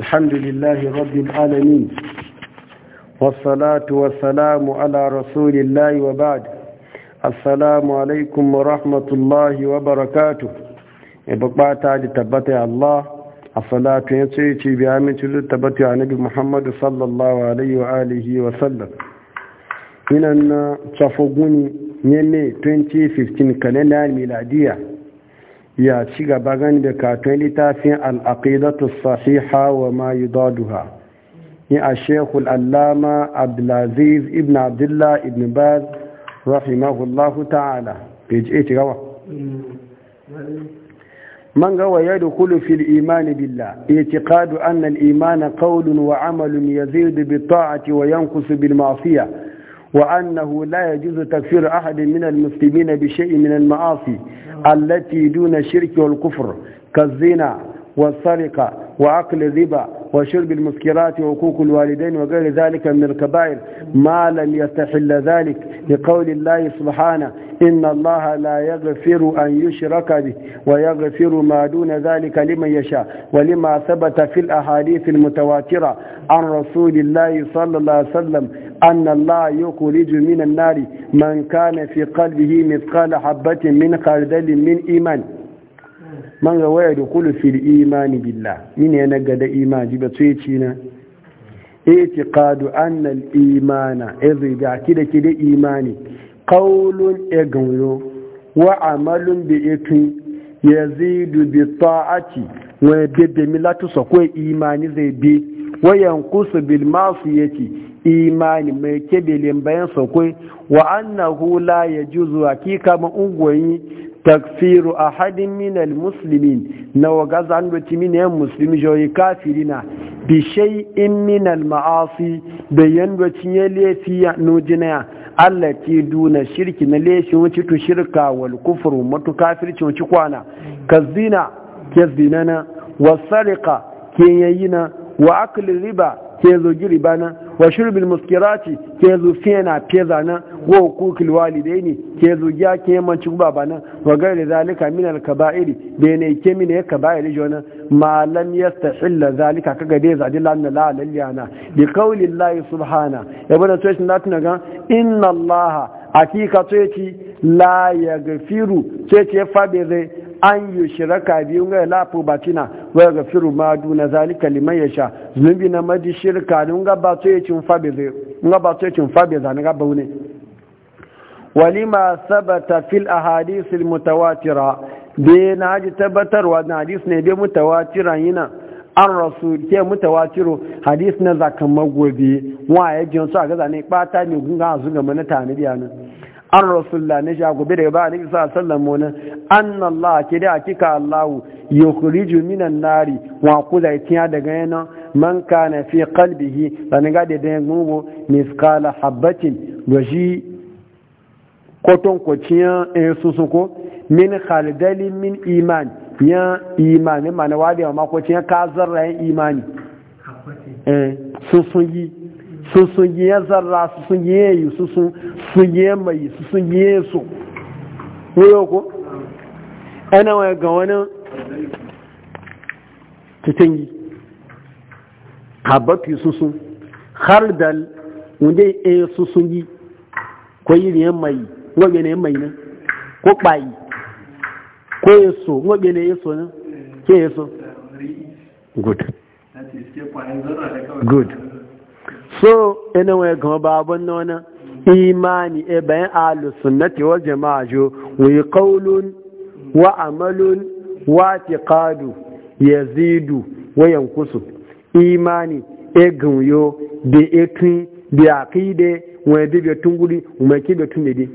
الحمد لله رب العالمين والصلاة والسلام على رسول الله وبعد السلام عليكم ورحمة الله وبركاته يبقى تعالي تبتع الله الصلاة ينسيتي بعمل تبتع نبي محمد صلى الله عليه وآله وسلم من أن تفقوني يمي 2015 كالنار ميلادية ya ci gaba gani da katon littafin al'aƙidatu sahiha wa ma daduha ni a shekul allama abdulaziz ibn abdullah ibn baz rahimahullahu ta'ala page 8 gawa man gawa ya dukulu fil imani billah itiqadu anna al-imana qawlun wa amalun yazidu bi ta'ati wa yankusu bil ma'siyah وأنه لا يجوز تكفير أحد من المسلمين بشيء من المعاصي التي دون الشرك والكفر كالزنا والسرقة وعقل الربا وشرب المسكرات وحقوق الوالدين وغير ذلك من الكبائر ما لم يستحل ذلك لقول الله سبحانه إن الله لا يغفر أن يشرك به ويغفر ما دون ذلك لمن يشاء ولما ثبت في الأحاديث المتواترة عن رسول الله صلى الله عليه وسلم أن الله يخرج من النار من كان في قلبه مثقال حبة من خردل من إيمان من هو يدخل في الإيمان بالله من ينقد إيمان بتويتشينا اعتقاد أن الإيمان إذ بعكدة كده إيمان قول إغنو وعمل بإكن يزيد بالطاعة ويبدأ من ملاتو سقوي إيمان زي بي وينقص بالمعصية imani mai kebelin bayan sokwai wa annahu la yajuzu hakika ma ungoyi takfiru ahadin min almuslimin na wa gaza an doci min yan muslimi joyi kafirina bi shay'in min almaasi da yanwa ya lefi no jinaya Allah ti duna shirki na leshi wuce to shirka wal kufru matu kafirci wuce kwana kazina ke zinana wasariqa ke wa akli riba Kezo giri bana wa shirbil muskirati ke zo fena feza na wa hukukul walidaini ke zo ya ke manci guba bana wa gairi zalika min al kaba'iri da ne ke min ya kaba'iri jona ma lam yastahilla zalika kaga dai zadi lanna la laliyana bi qawli llahi subhana ibn tayyish na tuna ga inna allaha hakika to yace la yaghfiru sai ce fa zai an yi shiraka biyu ga lafi batina wa ga firu madu na zalika liman ya sha zunubi na madi shirka ne nga ba to yakin fabeze zai nga ba to yakin fabeza ne ga baune walima sabata fil ahadith al mutawatira be na ji wa na hadith ne be mutawatira yana an rasul ke mutawatiro hadith na zakan magobi wa ya jin so a gaza ne bata ne gunga azu ga mana tani biya nan an rasulullah ne ja gobe da ba ni sa sallan mu nan anna allah ke da kika allah kuri juminan nari wa zai tiya daga yana man na fi da ni ga da gungu gubo misqala da shi koton ko tiya e susuko min khaldali min iman ya imani mana wadi ma ko tiya ka zarra imani eh, susun yi susungiyar zarra susungiyar yi susungiyar mai susungiyar su wuyo ku ana waya ga wani titingi habbatu susun da wunde e yi ko yi ne mai ngobe ne mai nan ko ɓayi, ko yeso ngobe ne so nan ke so good good so ina wani gama babon nona imani e bayan ahlus sunnati wal jama'a jo Wai qaulun wa amalun wa tiqadu yazidu wa yankusu imani e gunyo de etun de akide wani dibe tun tunguri mai kibe tun tunde de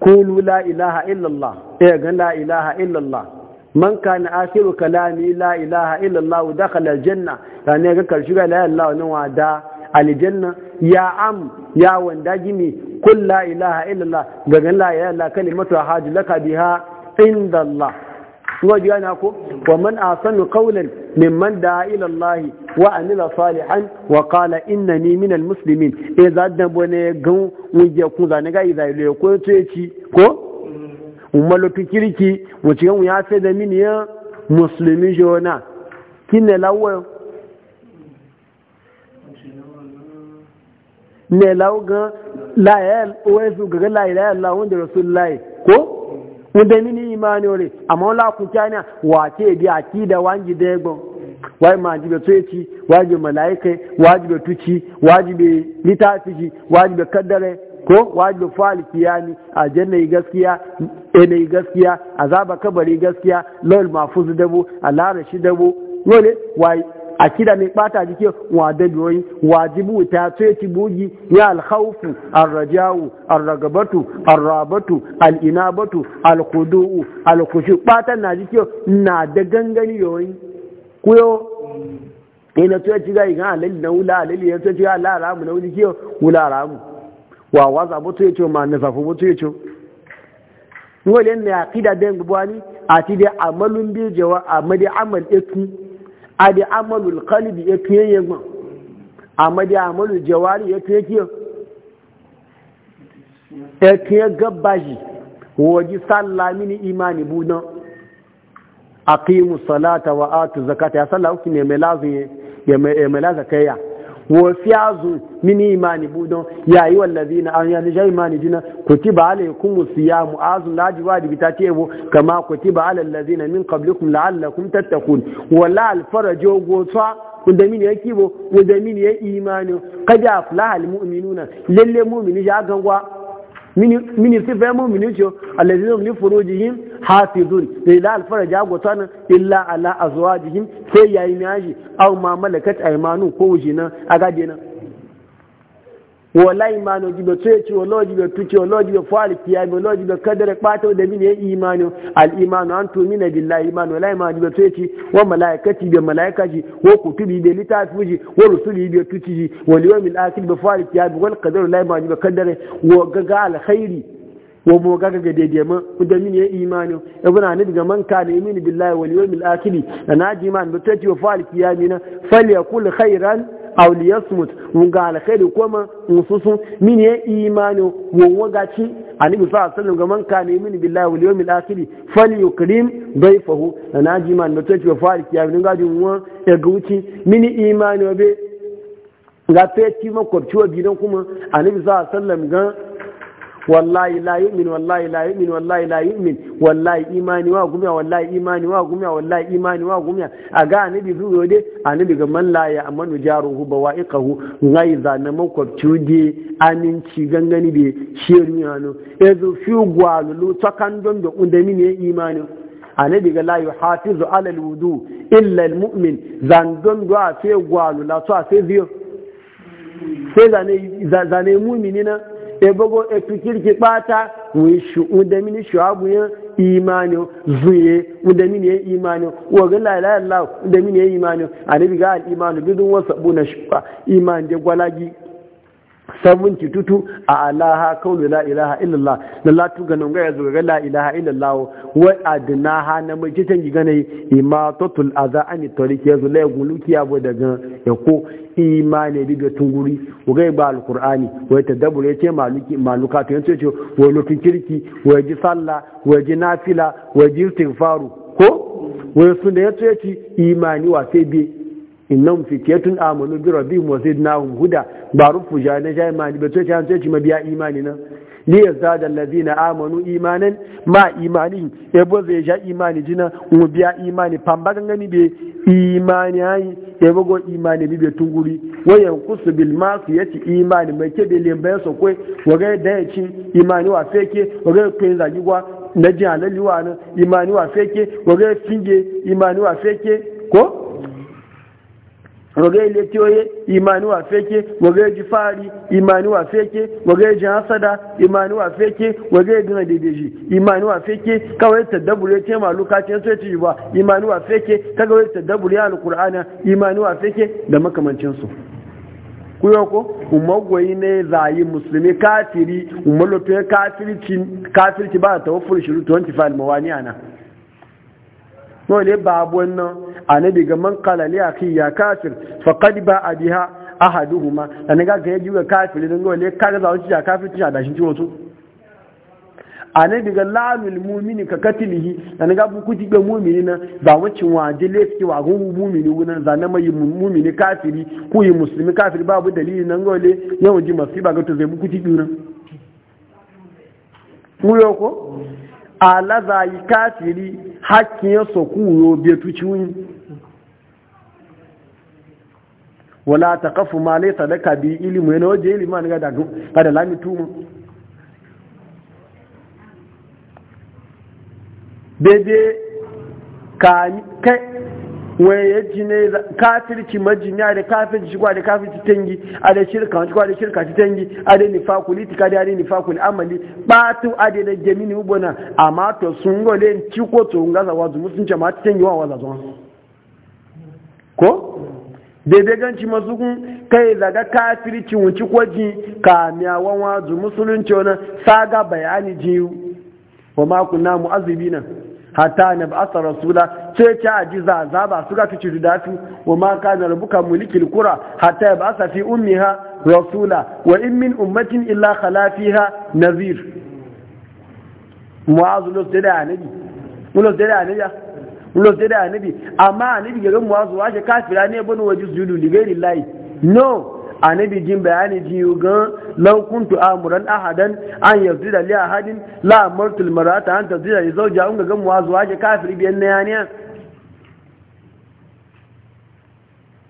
kuyo la ilaha illallah e ga la ilaha illallah man kana asiru kalami la ilaha illallah dakhala aljanna sani ga karshe ga la ilaha wa da aljanna ya am ya wanda gimi kul la ilaha illallah ga ga la ilaha illallah kalimatu hajji laka biha inda Allah kuma ji yana ko wa man asanu qawlan mimman da ila Allah wa anila salihan wa qala innani minal muslimin e za da bone gan wuje ku zane ga iza izai ko to e ko umalo kirki mu ci gan ya sai da min ya muslimin jona kinne lawo ne lauga layal wezu gaga layal la e, e wanda rasulullahi ko wanda mini imani ore amma wala ku kyana wace bi akida wangi dego wai ma ji be jibe tsoyeci wajibe malaikai be tuci wajibe litafiji be kaddare ko be wajibe fa'al a aljanna gaskiya ene gaskiya azaba kabari gaskiya lawal mahfuz dabu alara shi dabu wale wai akida ne bata jike wa da biyoyi wajibu ta ce ci bugi ya alkhawfu arrajau arragabatu arrabatu alinabatu alquduu alkhushu bata na jike na da gangani yoyi kuyo ina to ci ga ina alal na wula alal ya to ci ga la ramu na wuli kiyo wula ramu wa waza butu yace ma na nafafu butu yace ngole ne akida den gbani ati da amalun bi jawa amadi amal etu adi amalul qalbi ya tuye yamma amma da amalul jawari ya tuye kiyo ya tuye gabaji waji sallami ni imani buna aqimu salata wa atu zakata ya sallahu ne mai lazin ya mai e lazakaya wafiyazu mini imani budon yayi wallazi na an yana jai imani jina kutiba alaikum siyamu azun laji wa dibita tebo kama kutiba alal ladina min qablikum la'allakum tattaqun wala al farajo gotsa wanda mini ya kibo wanda mini ya imani qad aflaha al mu'minuna lalle mu'mini ja gangwa mini mini sifa mu'mini jo allazina li furujihim hafizun ila alfaraja gotan illa ala azwajihim sai yayi miyaji aw ma malakat aymanu ko wujina agade na wala imanu jibe tuci wala jibe tuci wala jibe fari kiyabi wala jibe kadare pato da mine imanu al imanu an tumina billahi imanu wala imanu jibe tuci wa malaikati bi malaikati wa kutubi bi litafuji wa rusuli bi tuci wal yawmil akhir bi fari kiyabi wal qadar la imanu jibe kadare wa gaga al khairi wa mo gaga ga daidai ma da min ya imani ibn anid daga man kana yuminu billahi wal yawmil akhir na ji man da tace fa al kiyamina falyakul khairan aw yasmut mun ga alkhairi kuma mususu min ya imani wa waga ci annabi sallallahu alaihi wasallam ga man kana yuminu billahi wal yawmil akhir yukrim dayfahu na naji man da tace wa al kiyamina ga ji mun ya gauci min imani be ga fe ma makwabci wa gidan kuma ani bi alaihi wasallam ga wallahi la yu'min wallahi la yu'min wallahi la yu'min wallahi imani wa gumiya wallahi imani wa gumiya wallahi imani wa gumiya a ga annabi zuwa dai annabi ga man la ya amanu jaruhu bawaiqahu ngai za na makwabci de aminci gangani be sheru yano ezu fi gwalulu takan don da undami ne imani annabi ga la yuhafizu ala alwudu illa almu'min zan don do a fe gwalula to a fi biyo sai zane zane mumini na ebogo etu kirki wishu wai shuabu ya imani zuye unda ya imani wa ila ya ilaha illallah ya imanu. anibiga ga al imanu bidun wasabuna shuka iman de gwalagi sabunci tutu a alaha kaunu la ilaha illallah na latu ga nan gaya zuwa ga la ilaha illallah wa adnaha na mai cikin gigane imatatul aza an tariki yazo la guluki abu daga ya ko imani bi ga tunguri wa ga ba alqur'ani wa tadabbur ce maluki maluka to yace ce wa lokin kirki wa ji salla wa ji nafila wa ji istighfaru ko wa sunna yace imani wa sai bi innahum fityatun amanu bi rabbihim wa zidnahum huda ba rufu ja na ja imani ba to mabiya imani na li yazada alladhina amanu imanan ma imani e bo ze ja imani jina mu biya imani pamba gangani be imani ai e bo imani bi be tunguri wa kusu bil masiyati imani mai ke be lembe so kwe wa ga da ci imani wa feke wa ga ko yin zagi na ji alaliwa na imani wa feke wa ga finge imani wa feke ko wage letiyoyi imani wa feke wage ji fari imani wa feke wage ji hasada imani wa feke wage gina dedeji imani wa feke kawai tadabbure ce ma lokacin ya ci ba imani wa feke ta wai ya alkur'ana imani wa feke da makamancinsu kuyo ko umagwai ne zayi musulmi kafiri umaloto ya kafirci kafirci ba tawaffur shiru 25 mawani ana no le babu wannan annabi ga man qala li akhi ya kafir faqad ba'a biha ahaduhuma dan ga ga yaji ga kafir dan ga le kada za wuce ya kafir tin da shi ci wato annabi ga lanul mu'mini ka katilihi dan ga bu kuti ga mu'mini na ba wace waje le suke wa gun mu'mini wuna nama mai mu'mini kafiri ku yi musulmi kafiri babu dalili nan ga le yawan ji masiba ga to zai bu kuti duna mu yoko alaza yi kafiri hakkin ya soku yo tuci ciwon wala ta kafu ma laisa laka bi ilimu yana waje ilimu ne ga da lami tumu bebe ka kai waye jine kafirci majina da kafirci shigwa da kafirci tangi a da shirka shigwa da shirka ci tangi a da nifaku litika da nifa kuli amali batu a da gemini ubona a to sun gole ciko tsohon gaza ngaza wazu mutunce ma tangi wa wazazuwa ko daidai ganci masu kun kai daga kafirci wuci kwaji kamiyawan wazu musulunci wani saga bayani jiyu wa makuna mu'azibi nan hatta na ba asa rasula ce ce a ji zaza ba su gafi ci dudatu wa maka na rubuka mulikil kura hatta ya ba asa fi ha rasula wa in min ummatin illa khala ha nazir mu'azu los dada anabi los lo sai da annabi amma annabi ga gamuwa zuwa shi kafira ne bani waje sujudu li ghairi llahi no annabi jin bayani ji ga law kuntu amuran ahadan an yazida li ahadin la amartu al marata an tazida li zawjiha unga gamuwa zuwa shi kafiri biyan ne? yaniya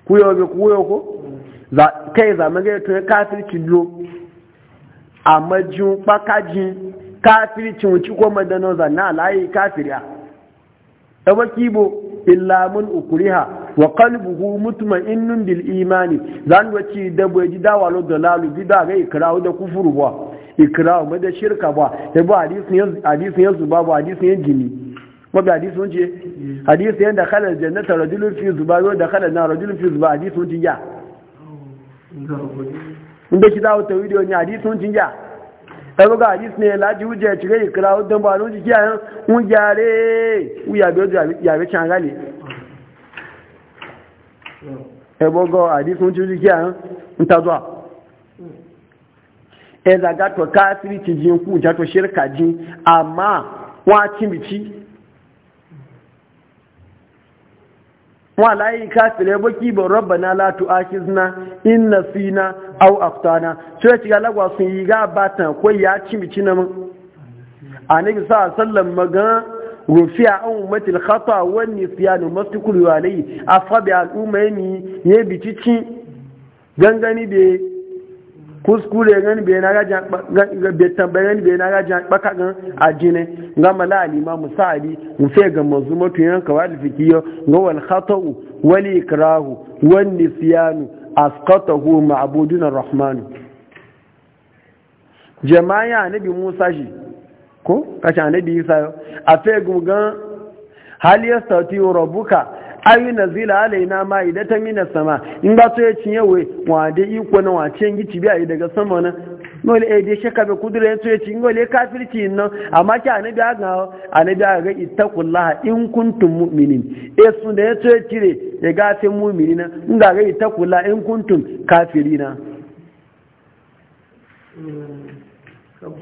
kuyo ga kuyo ko za kai zaman ga to kafirci lo amma jin pakajin kafirci wuci ko madanoza na layi kafiriya ɗaba kibo illa mun ukuriha wa qalbuhu mutma'innun bil imani zan wace da bai ji walo da lalu bi da ga ikrahu da kufuru ba ikrawo ma da shirka ba da ba hadisin yanzu hadisin yanzu ba ba hadisin yanzu jini ma ba hadisin wance hadisin yanda khala jannata rajulun fi zuba wa da khala na rajulun fi zuba hadisin wance ya oh, inda ki dawo tawhidi wani hadisin wance ya ẹgbẹ́ ká àdìs ní ẹ̀lájú jẹ́ ìtìrẹ́ ìkìlá ó dán bá ló jí àyán ń yàrá ó yàgbé ojú yàrá tí a ń rálẹ̀ ẹgbọ́gọ́ àdìs ń jí kí àyán ń tazọ́ káàkiri ti jí ń kú àmà wọ́n á walayi kafire baki ba rabbana la tu'akhizna in nasina aw aftana sai ci galagwa sun yi ga bata ko ya ci mici na mun annabi sa sallam maga rufiya an ummatil khata wa nisyan mastukul alayhi afabi al umayni ye cici gangani be kuskure gani bai na gaji bai tambayi gani bai na gaji baka gan ajine ga malali ma musali mufe ga mazu mutu yan wal fikiyo ga wal khata'u wal ikrahu wal nisyanu asqatahu ma'budun arrahman jama'a annabi Musa shi ko kace annabi Isa a fe gugan hal yastati rabbuka Ayi ayu nazila alaina ma idata mina sama in ba to ya cinye we wa da iko na wa wace ngi bi biya daga sama na nole e eh, de shaka be kudura to ya ci ngole kafirci nan amma ki annabi aga annabi aga ittaqullaha in kuntum mu'minin e sun da ya to ya cire ya ga sai mu'minina in ga ga ittaqullaha in kuntum kafirina hmm,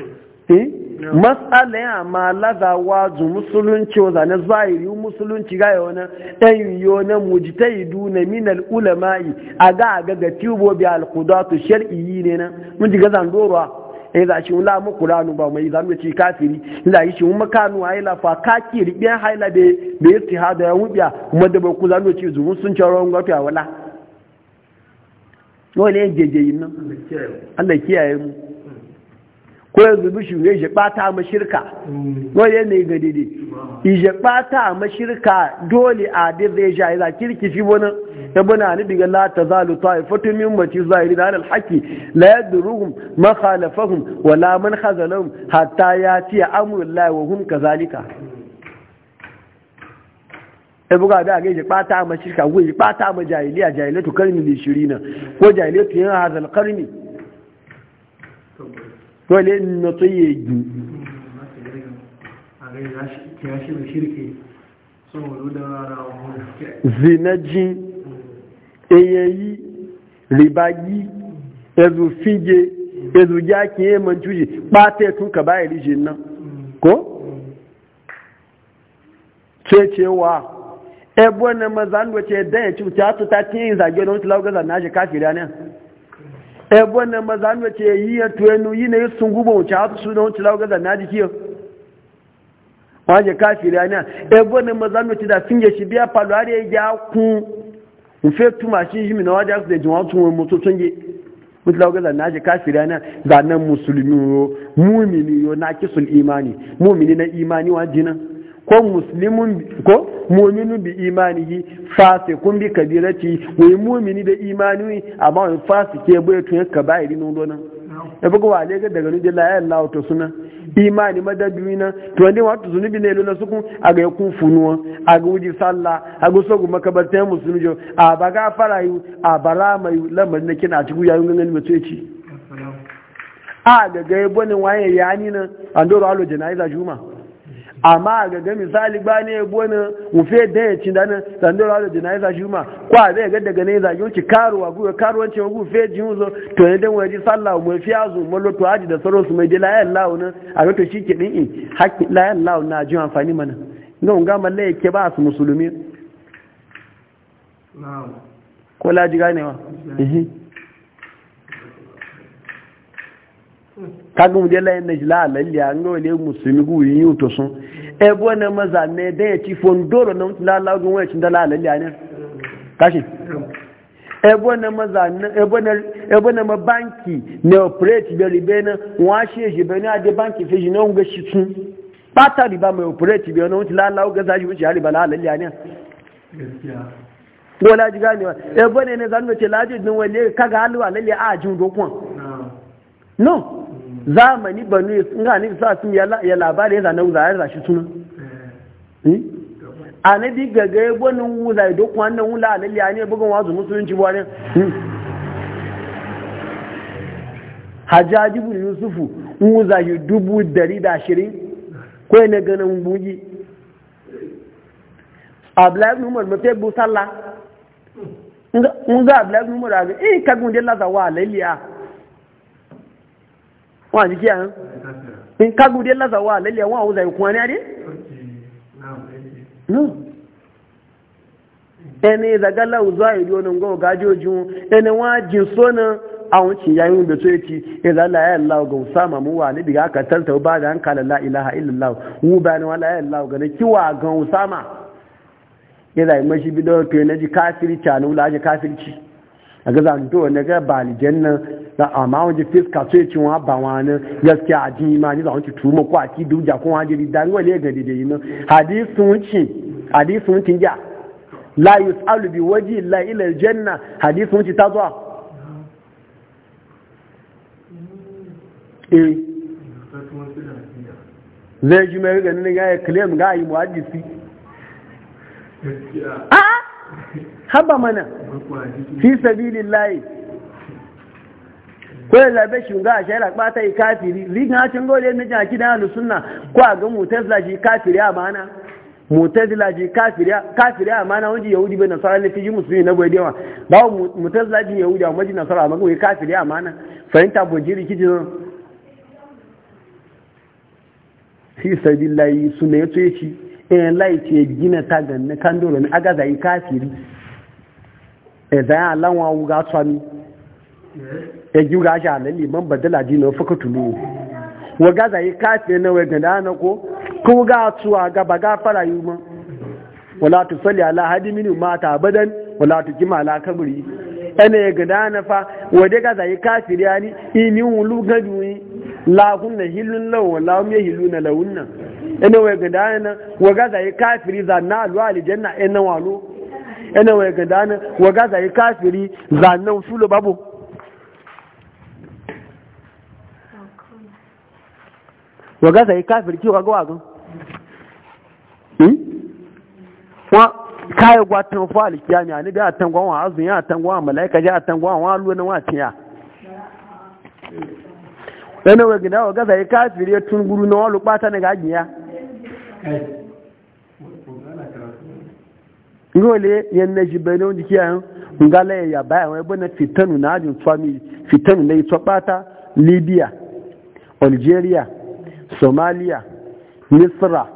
Eh? matsala ya ma laza wa zu musulunci wa zane zahiri musulunci ga wani ɗan yiwu na mujita yi duna minal ulama'i a ga a gaga tubobi alkudatu shar'iyi ne na mun ji gazan doruwa ya eh, za shi wula mu kuranu ba mai zamu ci kafiri yi shi mun makanu yi la fa ka ki ribiyan haila be be ittihada ya wubiya kuma da ba ku zamu ci zu musulunci wa ci rawan gafiya wala dole ne jeje yin nan Allah kiyaye mu ko yanzu bishu ya je bata ma shirka wani ne ga dide ije bata ma shirka dole a din zai ja ya kirki shi wani ya bana ni diga la tazalu fatu min ummati zahiri da alhaki. haqi la yadruhum ma khalafahum wa la man khazalahum hatta amurin amrullahi wa ka Zalika. Ya buga da ga ije bata ma shirka ko ije bata ma jahiliya jahilatu karni shirina. ko jahilatu yan hazal karni dole na to yi ju zinaji eyeyi ribayi ezufije ezujaki emancuji ɓata tun ka bayan rijin e nan ko? ce cewa ebe wannan mazan wace dan ya e ci wuce ta ta tiyin zage don tilawu gaza na shi kafiriya ne Ebon na mazan wace yi ya tuwenu yi na yi sun gubo wuce hatu su da wuce lauga da jiki waje kafiri ana ebe Ebon maza mazan wace da sun yashi biya falo har ya ya ku nfe tuma shi shi mina waje su da jin tun wani mutu tun yi wuce lauga zanna je kafiri ana nan musulmi yo mumini yo na kisul imani mumini na imani wa ko muslimun ko mu'minu bi imanihi fasikun bi kabirati wa mu'minu da imani amma wa fasike bai tun ka bayiri nun donan da bugu wa ga daga nuje la ya Allah to suna imani madabi to ne wa zunubi ne lona suku, aga ga ku funuwa aga ga wuji salla aga ga sogu makabarta musulmi jo a baga fara farayu a bara mai lamar ne kina tugu yayin yun ganin mutu yaci a ga ga waye yani na an doro alo janaiza juma amma ga ga misali ba ne yabo na mufe da ya ci dana sandora da jinaiza shi ma ko a zai ga daga ne zagi wuce karuwa guwa karuwanci wa gufe ji wuzo to ne dan waje sallah mu fi azu mu lotu haji da sauransu mai dai layan lawo na a ga to shi ke din in hakki layan lawo na ji amfani mana ga unga malla yake ba su musulmi ko laji ganewa eh kaga mu jela na jila lalle an ga musulmi gu yin yuto sun e bo na maza ne da ya ci fondoro na mutula lagun waya da lalle kashi e bo na maza e bo na e bo na e ma banki ne operate be ribe na wa shi be na de banki fe ji na nga shi tun pata riba ma operate be na mutula lagun ga zaji wuce riba lalle ne gaskiya wala ji e bo ne ne zanu ce laje wale kaga a jin dokon no zamani banu nga ni sa sun ya labari ya zanen zayar ya suna eh. hmm? a na bi gaga ya gwani wula da kuma wannan wula a lalya ne bugun wazu musulunci wani hmm. hajjaji bu yusufu wuza yi dubu dari da ashirin ko yana ganin bugi abdullahi umar mafi bu sallah wuza abdullahi umar a ga eh kagun dai lazawa a wọn àti kí àrùn ní kágùdé lásàwọ́ àlẹ́lẹ̀ wọn àwọn òzà ìkún ní adé ẹni ìzàgálà òzò ìlú onúngọ́ ọ̀gájú ojú ẹni wọ́n á sọ́nà àwọn cìyà yìí da tó yake ìzàlá ya ga usama mu wa nabi ga ka tanta ba da an la ilaha illallah mu ba ga na ji kafirci a kafirci a na ga balijan da amma wani fiska e sai cin wa ba wani gaskiya e a jin imani ah, za wanci tuma ko a ti duja ko wani jiri dan wale ga dide yin hadisun wuce hadisun wuce ya la yus'alu bi waji la ila aljanna hadisun wuce ta zuwa zai ji mai ganin ya yi claim ga yi muhaddisi a haba ah, e? ah? mana fi sabilillahi ko da be shunga a shaira bata yi kafiri rigan cin gole na jaki da ahlus sunna ko a ga mutazila ji kafiri a mana mutazila ji kafiri kafiri a mana wanda yahudi bai nasara ne fiji musulmi na bai dewa ba mutazila ji yahudi a maji nasara a magwai kafiri a mana fahimta bojiri kijin fi sabillahi sunna ya tsoye ci in eh, lai ce gina tagan na kandoro na agaza yi kafiri e eh, zayan alawa wuga tsami ya giura shi halin liman badala dina fuka tulu wa gaza yi kafe na wai gada na ko ko ga tuwa ga ba ga fara yi ma wala tu salli ala hadi min ma ta abadan wala tu jima ala kabri ana ya gada na fa wa dai gaza yi kafe ya ni ini wulu gaduyi la kunna hilun la wala hum la lawunna ana wai gada na wa gaza yi kafiri za na alu aljanna ina walo ana wai gada na wa gaza yi kafiri za na babu wọ́n gá sẹ̀yí káfìrí kí wọ́n gọ́ àgún wọ́n káyẹ̀ gwa tán fún àlìkíyà ni àníbí àtàngwà wọn azùn yà àtàngwà wọn mọ̀láíkà jẹ́ àtàngwà wọn alú ní wọn àtìyà ẹni wọ́n gìdá wọ́n yi sẹ̀yí káfìrí tún gúrú ní wọ́n lùpá tán ga jìyà ngole yan na ji bai nan jikiya ngala ya baya wai bana fitanu na ajin tsami fitanu na yi tsabata libya algeria somalia misra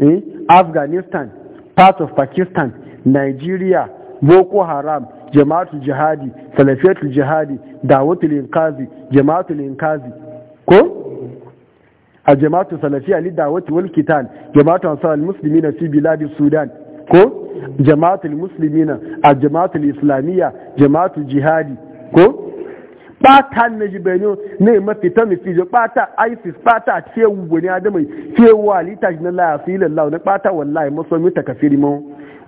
eh? afghanistan part of pakistan nigeria boko haram jama'atul jihadi salafiyatul jihadi dawatul inkazi jama'atul inkazi ko a jama'atu salafiya li dawati wal kitan jama'atu ansar al na fi biladi sudan ko jama'atul muslimina a jama'atul islamiyya jama'atul jihadi ko pata na jibeni ne mafita mai fijo pata isis pata ce wani adamai ce wali ta na yi lallahu na pata wallahi masomi ta kafiri mu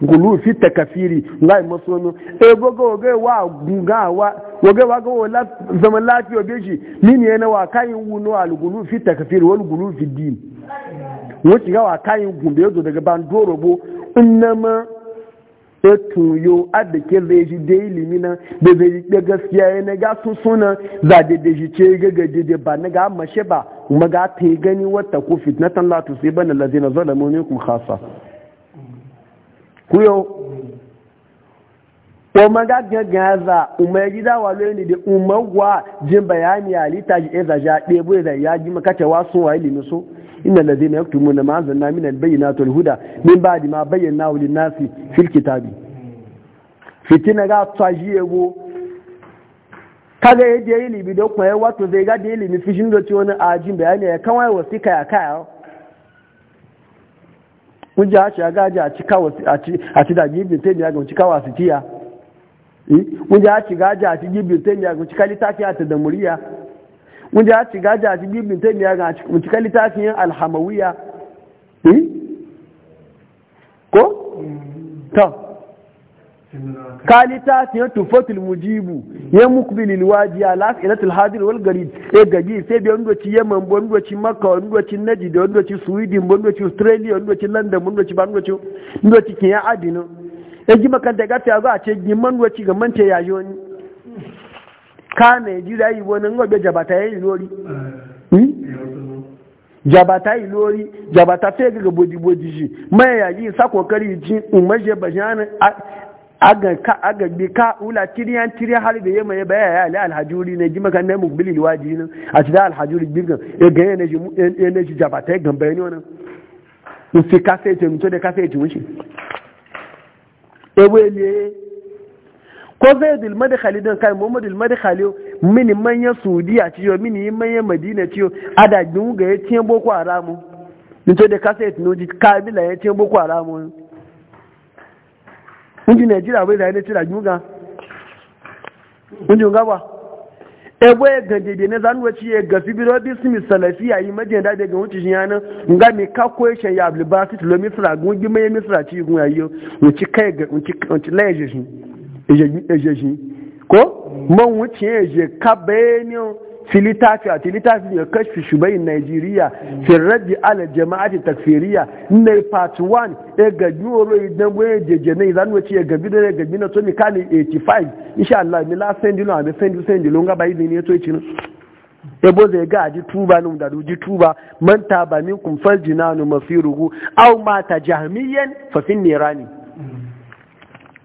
gulu fi ta kafiri wallahi mi e boga waga wa gunga wa wo waga wa zaman lafiya be shi ni ne na wa kayin wuno al gulu fi ta kafiri wal gulu fi din wuci ga wa kayin gumbe yanzu daga bandoro bo innama ya tuyo adda ke zai ji da ilimi nan da zai gaskiya ya na ga suna za da da shi ce ga ba na ga mashe ba kuma ga ta yi gani wata ko fitnatan la tusibanna allazina zalamu minkum khassa kuyo Oma ga gaggaza, umar gida walo ne da umarwa bayani a lita ji eza ja ɗebo eza ya ji makata wasu wa ilimi so. Inna lazi na yaktu muna ma'azin na minan bayyana tul huda min ba ma bayyana wuli nasi fil kitabi. Fitina ga tsaji yego. Kaga yadda ya ilimi da kuma ya watu zai ga da ilimi fishin da ci wani ajin bayani ya kawai wasu kaya kaya. Kun ji a shi a gaji a ci daji ibn sai ya ga ci kawa su tiya. mun ja ci ya ga cikin littafin ta da muriya alhamawiya eh? ko ta ka littafin tufatul mujibu ya mukbilil waji ala ilatul hadir wal garid e gaji sai bi wanda ci yaman bo wanda makka wanda sweden wanda australia wanda london wanda ci bangladesh wanda adinu ya ji makanta gafi a zuwa ce gimman wace ga mance yayo ni ka na ji da yi wani ngobe jabata ya yi lori eh. hmm? jabata yi lori jabata fe ga bodi bodi maya ya yi sa kokari ji umaje bajanin aga ka aga bi ka ula tiriyan tiri har da yema ya baya ya ali alhajuri ne jima kan ne mu bilil waji ne a ci da alhajuri birgan e ga ne ji e, e ne ji jabata ga bayani wannan mu fi kasete mu to da kasete mu shi ewele ko zai dilmadi khalidin kai muhammadu dilmadi khalil mini manyan saudiya ciyo mini manya madina ciyo adadin ga ya boko haramu da kasa ya kabila ya tiyan boko haramu ebe ga dede na zanuwa ci ya gafi biro bismi salafi yayi madiyan da daga wuce shi yana nga mi ka ko she ya abliba ti lo misra gun gi me misra ci gun yayi wuci kai ga wuci wuci shi ko man wuce eje kabe ni في littafi a littafi da kashfi shubayin Najeriya fi raddi ala jama'ati takfiriya ne part 1 e ga yoro idan waye jejene zan wace ya gabi da gabi na 85 insha Allah الله la sendi no abi sendi sendi lo nga ne ebo zai ga ji tuba nun da ji tuba man taba minkum faljinanu masiruhu aw ta jahmiyan fa fin nirani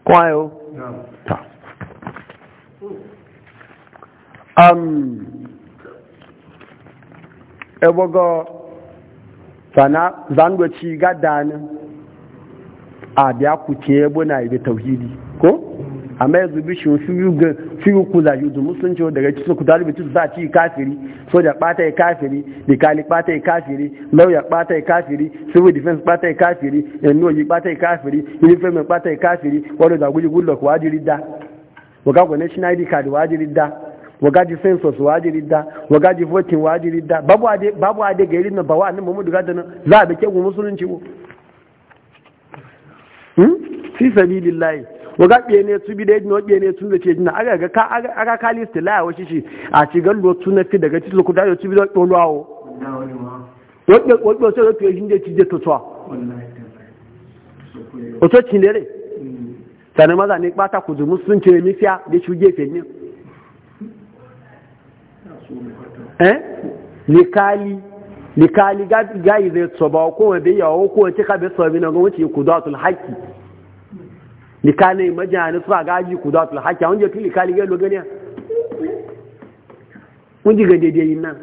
kwayo ta um ebogo sana zangoci gadanin a biya ku ce na ibi tauhidi ko amma yanzu bishin fiye ku za yi musulunci daga cikin ku talibi cikin za ci kafiri soja ɓata ya e kafiri likali ɓata e ya kafiri lauya ɓata ya e kafiri civil defense ɓata ya kafiri yi ɓata ya kafiri uniform ɓata ya kafiri wadda zaguji gullok wajirida wakakwa national id card da. wagaji census wajiri da wagaji voting wajiri da babu ade babu ade ga irin na bawa annabi Muhammadu gada nan za a da ke musulunci ko hmm fi sabilillahi waga biye ne tu bide no biye ne tun da ce jina aga ga ka aga ka list la wa shi a ci gallo tun na fi daga tilo ku da tu bide to lawo wadda wadda sai to yin da tije to to o to cin dere mm. sanan maza ne pata ku du musulunci ne mi fiya da shuge fe ne eh likali likali gayi zai tsoba ko wanda ya yawo ko wanda ka bai tsobi na gwamnati kudatul haki likali majani a gaji kudatul haki a wanda tun likali gai loganiya kun ji ga daidai nan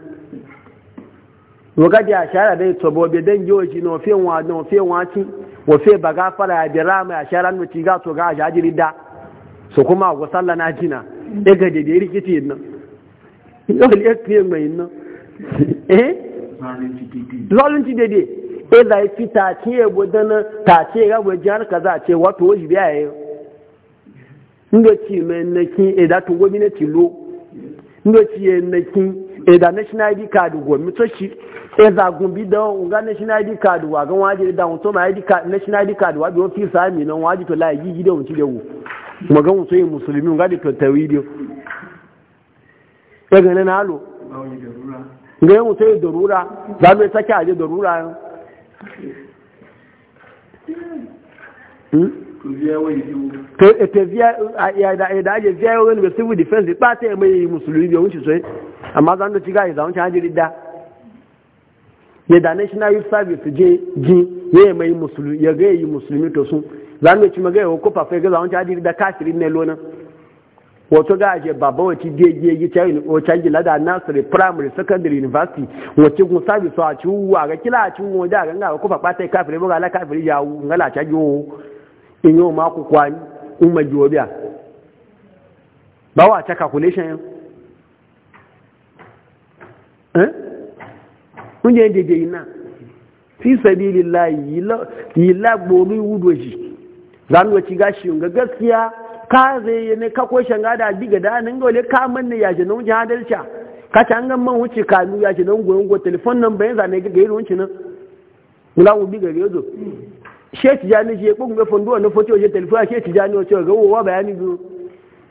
wagaji a shara ya tsoba wabe dan jiwoji na wafe wa na wafe wa ci wafe ba gafara ya bira mai a shara nuci ga to ga a jajiri da su kuma a gusalla na jina ya e ga daidai e rikici nan yóò lé pé mọ̀ iná zalunci dédé ẹ̀dà ìfi tààtí ẹ̀bù dáná tààtí ẹ̀gbù jihar kaza àti ẹ̀wà tó na yìí ayẹ́ ndoci mai nakin ẹ̀dà tó gómìnàtì ló ndoci ẹ̀ nakin ẹ̀dà national id card gwamnatoci ẹ̀dà gùnbí dán nga national id card national id card fi nga sai ne na halo ga yin wuce da rura za mu yi sake aje da rura yau to ete via ya da da aje via wani ga civil defense ba ta mai musulmi bai wuce sai amma zan da ciga za zan ci hajiri da ya da national youth service je ji ya mai musulmi ya ga yi musulmi to sun za da ci maga ya ko fa fa ga zan ci hajiri da kafiri ne lonan wato ga aje baba wace gege yi ta yin wacan gila da nasiri primary secondary university wace kun sabi so a ci wa ga kila a ci wa a ganga kufa kwatai kafiri buga ala kafiri ya wu ngala ta yo in yi ma ku in ma jobiya ba wa ta calculation eh kun je gege ina fi sabilillahi yi la gbori wudoji zan wace gashi ga gaskiya ka zai ne ka ko shanga da diga da nan gole ka man ne ya yaje nan jahadalcha ka ta an man wuce kanu ya yaje nan goyon go telefon nan bayan zane ga irin wuce nan mula mu diga rezo she tijani je ko ngue fondo no foti oje telefon shi she tijani o ga wo wa bayani biyu,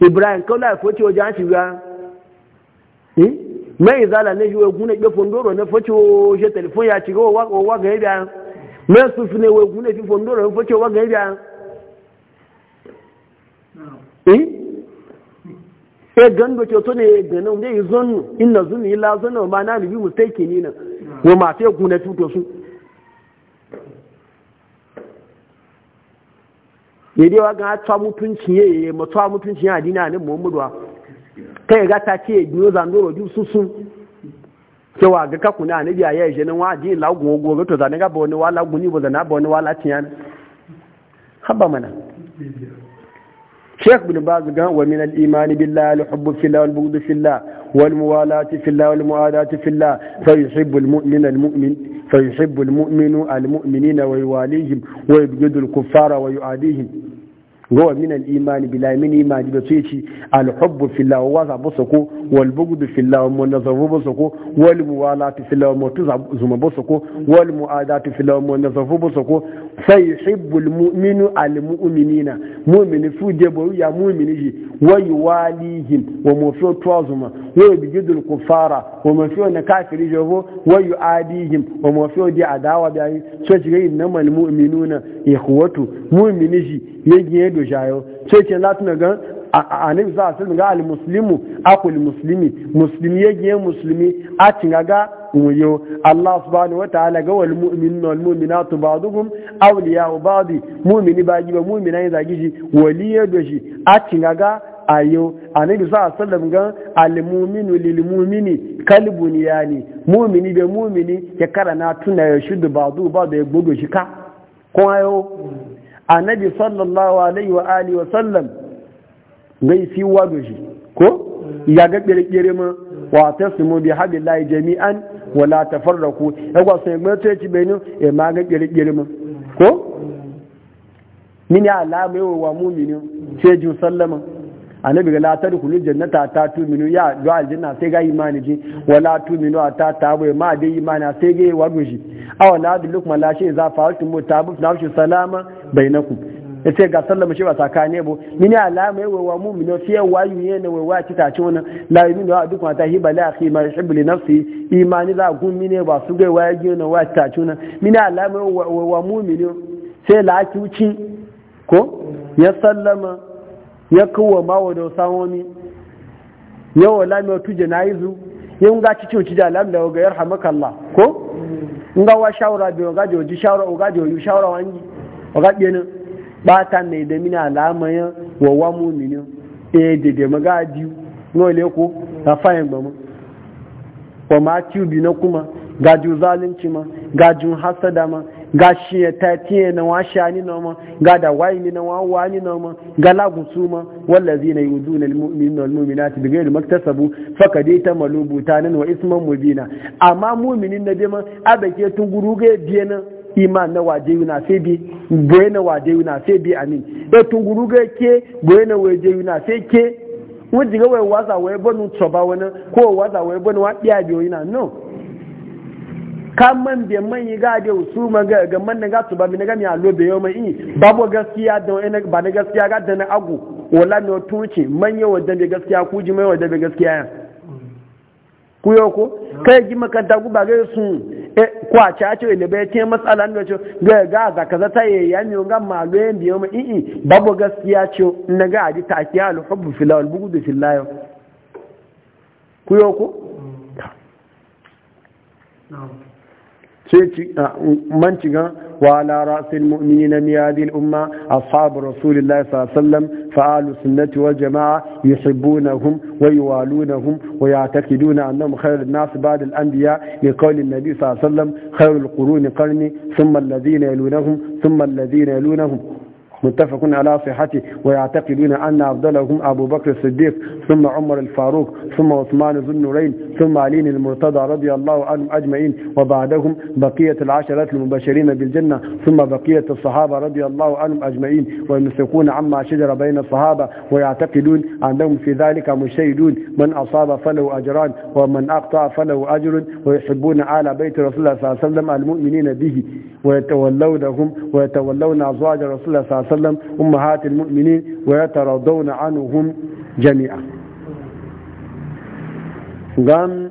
ibrahim ko la foti oje an shiga eh hmm? mai zala ne yo gune be fondo ro ne foti oje telefon ya shiga ga wa ga ya mai sufi ne wo gune fi fondo na foti wa ga yi ya eh sai gando ke to ne ganin dai zonu inna zunu ila zonu ma na nabi mustaki ne nan hmm. wa ma sai ku na tuto su ne dai wa ga ta mutunci ye ma ta mutunci ya dina ne Muhammadu wa kai ga ta ce biyo zandoro ju susu cewa ga kakuna ne biya ya je nan wa ji lagun gogo to zanaga ba wani wala guni ba zana ba wani wala tiyan haba mana شيخ بن باز قال ومن الإيمان بالله الحب في الله والبغض في الله والموالاة في الله والمؤاداة في الله فيحب المؤمن المؤمن فيحب المؤمن المؤمنين ويواليهم ويبغض الكفار ويؤاديهم gowa min al-imani bila min imani da su yace al-hubbu fillah wa zabu sako wal bughdu fillah wa nazabu sako wal muwalatu fillah wa tuzuma sako wal muadatu fillah wa nazabu sako fa yuhibbu muminu al mu'mini fu ya mu'mini ويواليهم ومفيو توازما ويبجد الكفار ومفيو نكافر جهو ويعاديهم ومفيو دي عداوة بأي سوچي إنما المؤمنون إخوته مؤمنيجي يجي يدو جايو سوچي لا تنغان annabi za a sirri ga muslimu akul muslimi muslimi ya giye muslimi a cinga ga wuyo Allah subhanahu wa ta'ala ga wal mu'minina wal mu'minatu ba'duhum wa ba'di mu'mini ba gibe mu'mina yin zagi shi waliye da shi a cinga ga ayo annabi za a sallam ga mu'minu lil mu'mini kalbun yani mu'mini da mu'mini ya karana tuna ya shudu ba'du ba da ya gudu shi ka ko ayo annabi sallallahu alaihi wa alihi wa sallam gai fi wado shi ko ya ga kirkire ma wa tasimu bi habillahi jami'an wala ya yawa sai mai to yaci benin e ma ga kirkire ma ko ni ne alama yawa wa mu'minin sai ju sallama annabi ga la tadkhulu jannata ta minu ya do aljanna sai ga imani ji wala a ta bai ma da imani sai ga wado shi aw la bi la shi za ta mutabu na shi salama bainakum ya ce ga sallama shi ba sakane bu mini alama ya wewa mu mino fiye wayu ne na wewa ci tace wani layu mino a duk mata ta hibali akhi ma yuhibbu li nafsi imani za gun mine ba su ga waya gi na wa ci tace wani mini alama ya wewa mu mino sai la ci ko ya sallama ya kuwa ma wa da sawomi ya wala mi tuje na yizu yin ga ci cuci da alam da ga allah ko ga wa shawara bi ga joji shawara ga joji shawara wangi ga benin bata mai da mini alamayan wa wa mumini eh dede maga biyu no le ko ta fayin ba mu wa ma tiu bi na kuma Ga ju zalunci ma Ga ju hasada ma ga shi ya ta tiye na wa shani na ma ga da wai ni na wa ni na ma ga la gusu ma wallazina yuduna almu'minina walmu'minati bighayri maktasabu fakadita malubutanan wa isman mubina amma mu'minin na dai ma abake tun guru ga biye iman na waje na sai bi goye na waje na sai bi amin e tunguru ga ke goye na waje na sai ke wọ́n ti gẹ́wọ́ ìwádà wọ́ ẹgbọ́n ní tọ̀bá wọn náà kó ìwádà wọ́ ẹgbọ́n ní wọ́n pẹ́ àbí no, náà náà ká mọ́ bẹ̀ mọ́ yìí gáàdé òsú mọ́ gẹ́gẹ́ mọ́ ní gàtù bá mi gaskiya don e ga dana agu wala tuci gaskiya ku ji mai wa gaskiya ya ku yau ko kai ji makanta ku ba ga Eh, kwace a ile be ce matsalan da cho ga ga za ta yi ya ga malu ya biyo ma i'i babu gaskiya ce na ga ji ta kiya alhubbu filaw albugudu filaw ku yo mm. na'am sai man ciga وعلى رأس المؤمنين من هذه الأمة أصحاب رسول الله صلى الله عليه وسلم فآل السنة والجماعة يحبونهم ويوالونهم ويعتقدون أنهم خير الناس بعد الأنبياء لقول النبي صلى الله عليه وسلم خير القرون قرني ثم الذين يلونهم ثم الذين يلونهم متفق على صحته ويعتقدون أن أفضلهم أبو بكر الصديق ثم عمر الفاروق ثم عثمان ذو النورين ثم علي المرتضى رضي الله عنهم أجمعين وبعدهم بقية العشرات المبشرين بالجنة ثم بقية الصحابة رضي الله عنهم أجمعين ويمسكون عما شجر بين الصحابة ويعتقدون أنهم في ذلك مشيدون من أصاب فله أجران ومن أقطع فله أجر ويحبون آل بيت رسول الله صلى الله عليه وسلم المؤمنين به ويتولونهم ويتولون أزواج رسول الله صلى الله عليه وسلم وسلم أمهات المؤمنين ويترضون عنهم جميعا قام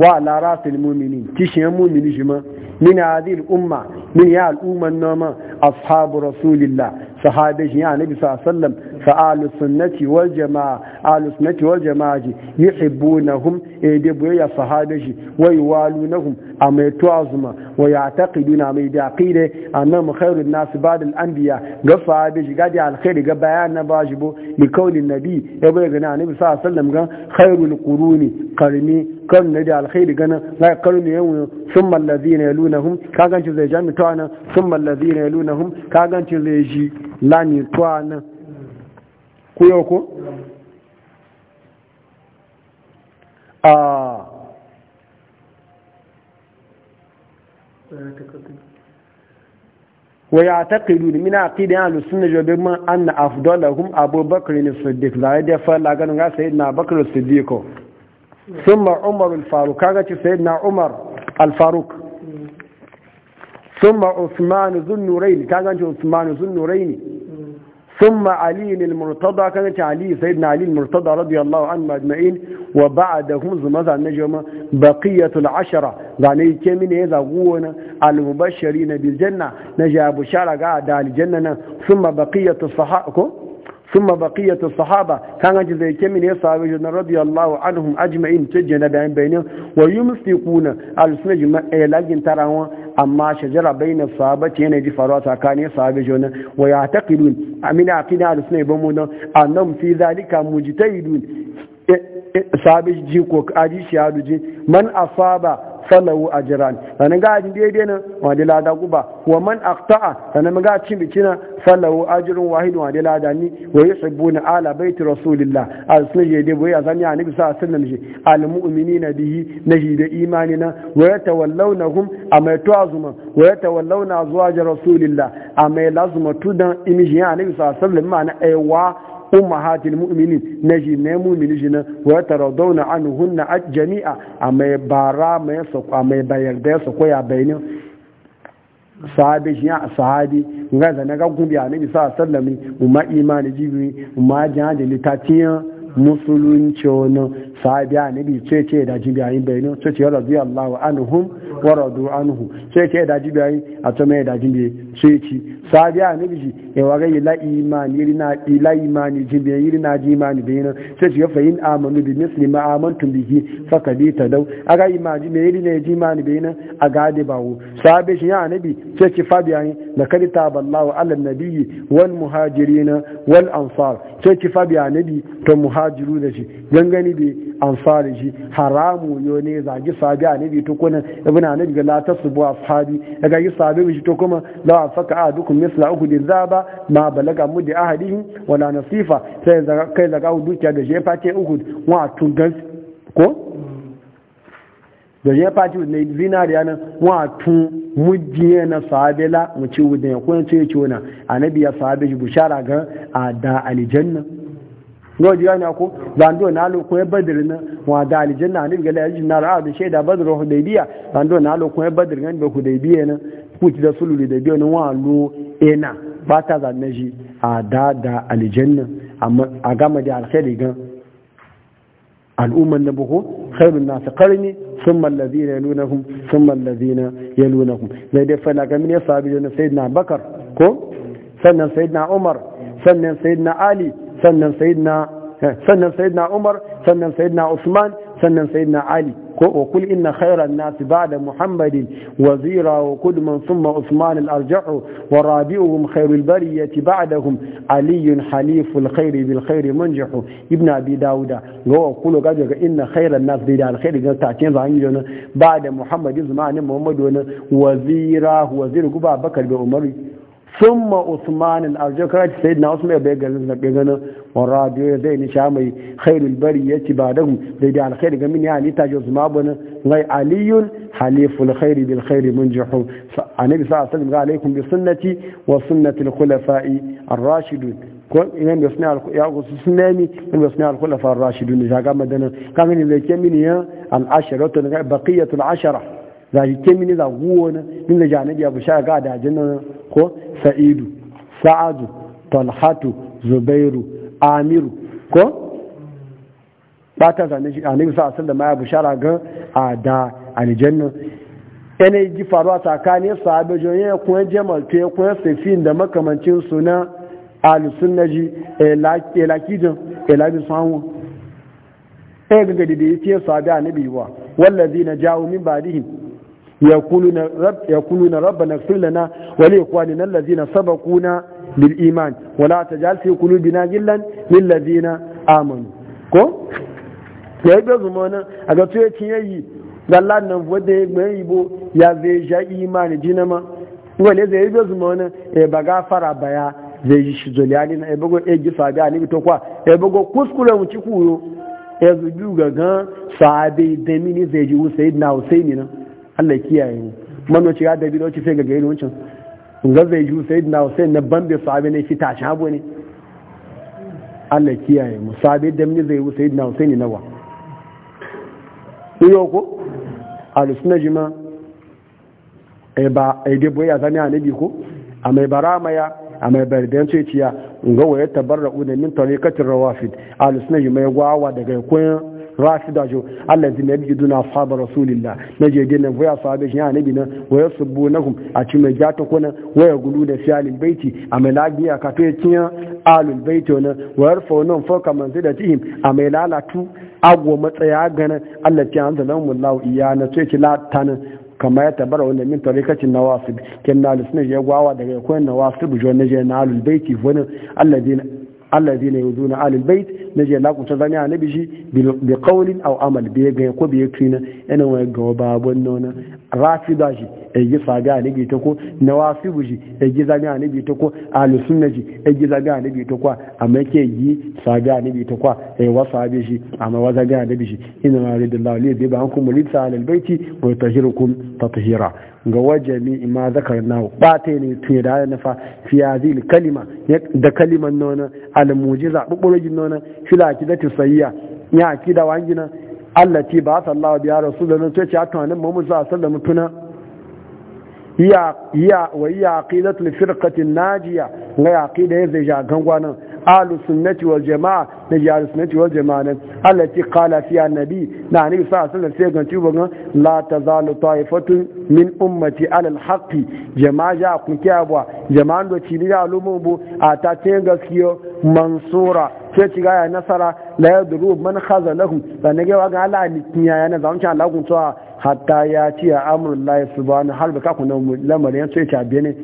وعلى رأس المؤمنين تشي المؤمنين جمع من هذه الأمة من يا الأمة النومة أصحاب رسول الله صحابة يا نبي صلى الله عليه وسلم فآل السنة والجماعة آل السنة والجماعة يحبونهم يدبوا صحابه ويوالونهم أما يتوازم ويعتقدون أما يدعقيد أنهم خير الناس بعد الأنبياء قفا به قد على الخير قبيان نباجبه لقول النبي يبقى يقنع النبي صلى الله عليه وسلم خير القرون قرني kan na da alkhairi ganin na karni yau sun mallazi na yalunahum kaganci zai jami tuwa nan sun mallazi na yalunahum kaganci zai ji lani tuwa nan ko yau ko? a waya ta kiri ne mina da ya lusun na jobin man an na afdola abu abubakar ne su dik zai da fara ganin ga sayi na bakar su diko sun ma umar alfaruk kaga ci sayi na umar alfaruk sun ma usmanu zun nurai ne kaga ci usmanu zun nurai ne ثم علي المرتضى كان علي سيدنا علي المرتضى رضي الله عنهم أجمعين وبعدهم زمزة النجمة بقية العشرة يعني كمين يزغون المبشرين بالجنة نجا أبو شارع قاعد على الجنة ثم بقية الصحابة ثم بقية الصحابة كان زي كمين يصحابة جنة رضي الله عنهم أجمعين تجنة بين بينهم ويمسكون السنجمة إلاجين تراوان amma shajara bainas sahabati yana ji faruwa tsakanin sahabi jona wa ya taqidun amina aqida da suna ba mu nan fi zalika mujtahidun sahabi ji ko aji shi man asaba falahu ajran sanan ga ajin daidai nan wa da lada guba wa man aqta'a sanan ga cin bikina falahu ajrun wahid wa da lada ni wa yuhibbuna ala bait rasulillah al sunje dai boye azani annabi sallallahu alaihi wasallam shi al mu'minina bihi nahi da imani na wa yatawallawnahum amma tu'azuma wa yatawallawna azwaj rasulillah amma lazuma tudan imiji annabi sallallahu alaihi wasallam na aiwa ummahatil mu'minin na ji ne mu'mini jina wa taradawna na jami'a a mai bara mai sokwa mai bayar da sokwa sahabi shi ya sahabi nga zana ga gubi annabi sa sallami umma imani jibi umma jihadi litatiyan musulunci wani sahabi na ce ce da jibiyayin bayani ce ce radiyallahu anhum wa radu anhu ce ce da a yawaga ila imani irina ila imani jibe irina jimani bayina sai ji fa'in amanu bi misli ma amantum bihi ta dau aga imani me irina jimani bayina aga de bawo sahabe shi ya annabi sai ki fabi ayi la kadita ballahu ala nabiyyi wal muhajirin wal ansar sai ki fabi annabi to muhajiru da shi gangani bi ansar shi haramu yo ne zagi sahabe to kuna ibn annabi la tasbu ashabi aga yi sahabe shi to kuma la faka adukum misla ukhudin zaba ma balaga da ahadihim wala nasifa sai kai zaga dukiya da jefa ce uku wa gas ko da ya fati na zinariya nan wato mujiye na sahabela mu ci wudin ya kuma ce ce wani annabi ya sahabe shi bushara ga a da alijanna ga ji yana ko zando na lo ko badir na wa da alijanna annabi ga laji na ra'a da shaida badr hudaybiya zando na lo ko badir ga biya na ci da sululi da biyo na wa lo ena ba ta zane shi a da da amma a gama da alkhairi gan al'umman na buhu khairun nasu karni sun mallazi na hun sun mallazi na hun zai dai fana gami ne sabi da na bakar ko sannan na umar sannan na ali sannan sayyidina eh, sannan umar sannan na usman sannan sayyidina ali ko ina kul inna khayran nas ba'da muhammadin wazira wa kudman thumma usman al arjau wa rabi'uhum khayrul bariyati ba'dahum ali haliful khayri bil khayri munjihu ibn abi dauda ga wa kul ga inna khayran nas bi da al-khayri ga ta ce zan ba ba'da muhammadin zamanin muhammadu wazira wazir guba bakar bi umari summa usman al-arjo kara ci sayyidina usman bai ganin na ganin wa radio zai nisha mai khairul bari ya ci ba dahu da da alkhairi ga min ya ali ta jozuma bana ngai aliyun haliful khairi bil khairi munjihu annabi sallallahu alaihi wasallam ga ko da sunna ya ku sunnani imam da sunna al ar-rashidun ja ga madana kan ne da ke min ya al-asharatu baqiyatul ashara da ke min da guwona din da janabi abu sha ga da jinnan ko sa'idu sa'adu talhatu zubairu amiru ko bata zane shi annabi sa asal da maya bushara ga a da aljanna yana ji faruwa tsakanin sahabe joyen kuma jamal to kuma safin da makamancin suna alusunnaji elakijin eh, eh, elabin eh, samun ɗaya ga gadi da ya ce sahabe annabi wa wallazi na jawo min badihim يقولون ربنا اغفر لنا ولإخواننا الذين سبقونا بالإيمان ولا تجعل في قلوبنا غلا للذين آمنوا ko ya ibe zuma na a ga tuye cin yayi dalla nan wadda ya gbe ibo ya zai ja imani jina ma wale zai ibe zuma na e ba gafara baya zai yi shi zoliyali na ebe go e gisa bi ani to kwa ebe go kuskure mu ci kuyo e zuju gagan sahabe da mini zai ji usaid na usaini na Allah kiyaye mu manoci ya dabi da wace sai ga gairi wancan ga zai ju sai na sai na bambe sahabi ne shi tashi abu ne Allah kiyaye mu sahabi da mun zai sai na sai ne nawa iyo ko alusna jima e ba e eh, de boya zani anabi ko amai barama ya amai bardan ce ciya ga waya tabarra'u ne min tariqatir rawafid alusna jima ya gwawa daga koyan rafida jo allazi ne bi duna sabar rasulillah na je dena waya sahabe shi anabi na waya kum a ci mai jata kuna waya gudu da fiyalin baiti a mai lagiya ka to tiya alul baiti na wayar faunan fauka tihim a mai lalatu agwo matsaya ganin Allah ta yanzu lamu iya na ce ki latanin kama ya tabara wanda min tarikacin na wasu kin na lusne ya gwawa daga koyan na wasu bujo na je na alul baiti wani alladina Allah zai ne yanzu na alil bait na je lakuta zani a nabi shi bi qawlin au amal bi ga ko bi tuna ina wai ga babon nona rafida shi e gi saga annabi ta ko na nawasibu shi e gi zani a nabi ta ko ahlus sunna shi e gi zaga annabi ta ko amma ke gi saga annabi ta ko e bi shi amma wazaga annabi shi inna lillahi li bi ba hukum lil alil baiti wa tahirukum tathira ga wajami ima zakar nahu bata ne tuni da ya nafa fi hadhihi kalima da kaliman nona al mujiza buburugin nona filaki, da sayya ya akida wangina allati ba sallahu biya rasulullah to ce tunanin mu a sallama tuna wa yi aqidat li najiya ga aqida yanzu ja nan. ahlus sunnati wal jamaa na ji ahlus sunnati wal jamaa nan allati qala fiha nabi na annabi sallallahu alaihi wasallam sai ganci bugan la tazalu ta'ifatun min ummati ala al jamaa ja kun kiyabwa jama'an do ci da lumun bu a ta ce gaskiyo mansura sai ci gaya nasara la yadru man khazalahum da ne ga ga ala ni kiyaye na zamu ci Allah kun hatta ya ci a amurin layi su ba har na kakunan lamarin ya ce cabe ne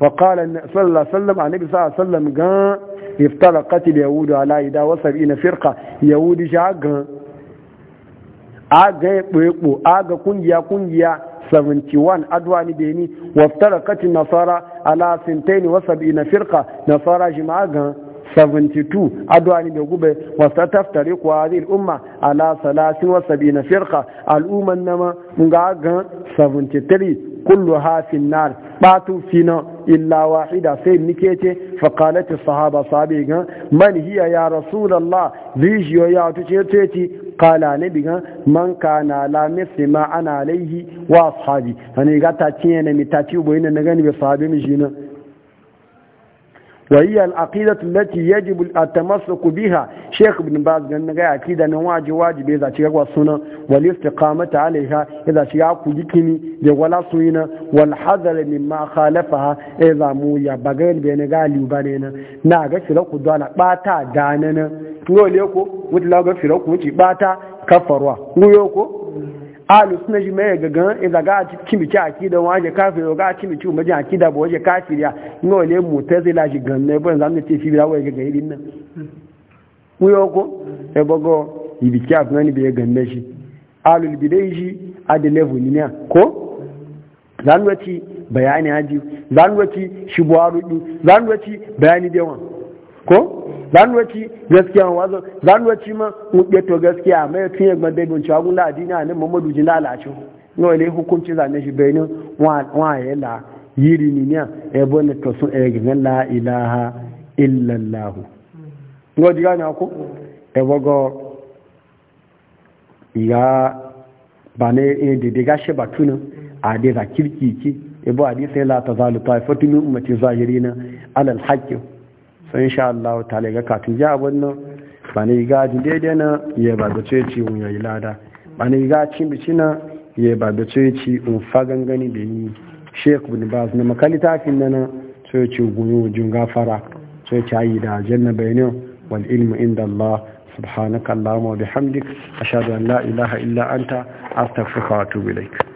wa kala sallallahu sallam a nabi sa sallam gan iftara katil yahudu ala ida wasar ina firka yahudi sha gan aga ya ɓoyeɓo aga kungiya kungiya 71 adwani beni waftara katil nasara ala sintaini wasar ina firka nasara shi ma gan 72 adwani da gube wasta taftare ku hadhihi al-umma ala 73 firqa al-umman nama ga ga 73 kulluha fi an-nar batu fina illa wahida sai nike ce fa qalat as-sahaba sabiga ga man hiya ya rasulullah zijiyo ya tuce tuce qala nabi man kana la misma ana alaihi wa ashabi hani ga ta cinye ne mi ta ci ina na gani be sahabi mi jina وهي العقيدة التي يجب التمسك بها شيخ ابن باز قال عقيدة نواجي واجب إذا شيخ والسنة والاستقامة عليها إذا شيخ كجكني ولا سنة والحذر مما خالفها إذا مو يبغين بين قال يبانينا ناقا شرق دوانا باتا داننا نقول يوكو وتلاقا شرق وتي باتا كفروا ويوكو alu suna ji mai gagan idan ga kimi ci akida ga kafi ga kimi ci ji akida bo ga kafir ya ina wale mutazila gan ne bo zan ce shi bira rawo ga irin nan mu yo ko e bogo ibi ki afna ni be ne shi alu bidai shi a de level ni ne ko zan wati bayani haji zan wati shibwaru zan wati bayani dewan ko zanwaci gaskiya wazo zanwaci ma uɗe to gaskiya mai tun yi gbande bin cewa gula adini a nan mamadu jina alacin yau ne hukunci zane shi bayanin waye la yiri ni niya ya ne to sun ya gina la ilaha illallah nawa ji gane ku ya bago ya ba ne ya dede gashi ba tunan a dai za kirki ki ya bu hadisai la ta zalu ta min alal haqqi sai insha Allah ta lega katin ya wannan ba ne ga ji daidai na ya ba da ceci un yayi lada ba ne ga ci bici na ya ba da ceci un fa gangani da yi Sheikh Ibn Baz na makalita fin nan ceci guyu jun gafara ceci ayi da janna bayani wal ilmu inda Allah subhanaka Allahumma wa bihamdik ashhadu an la ilaha illa anta astaghfiruka wa atubu ilaik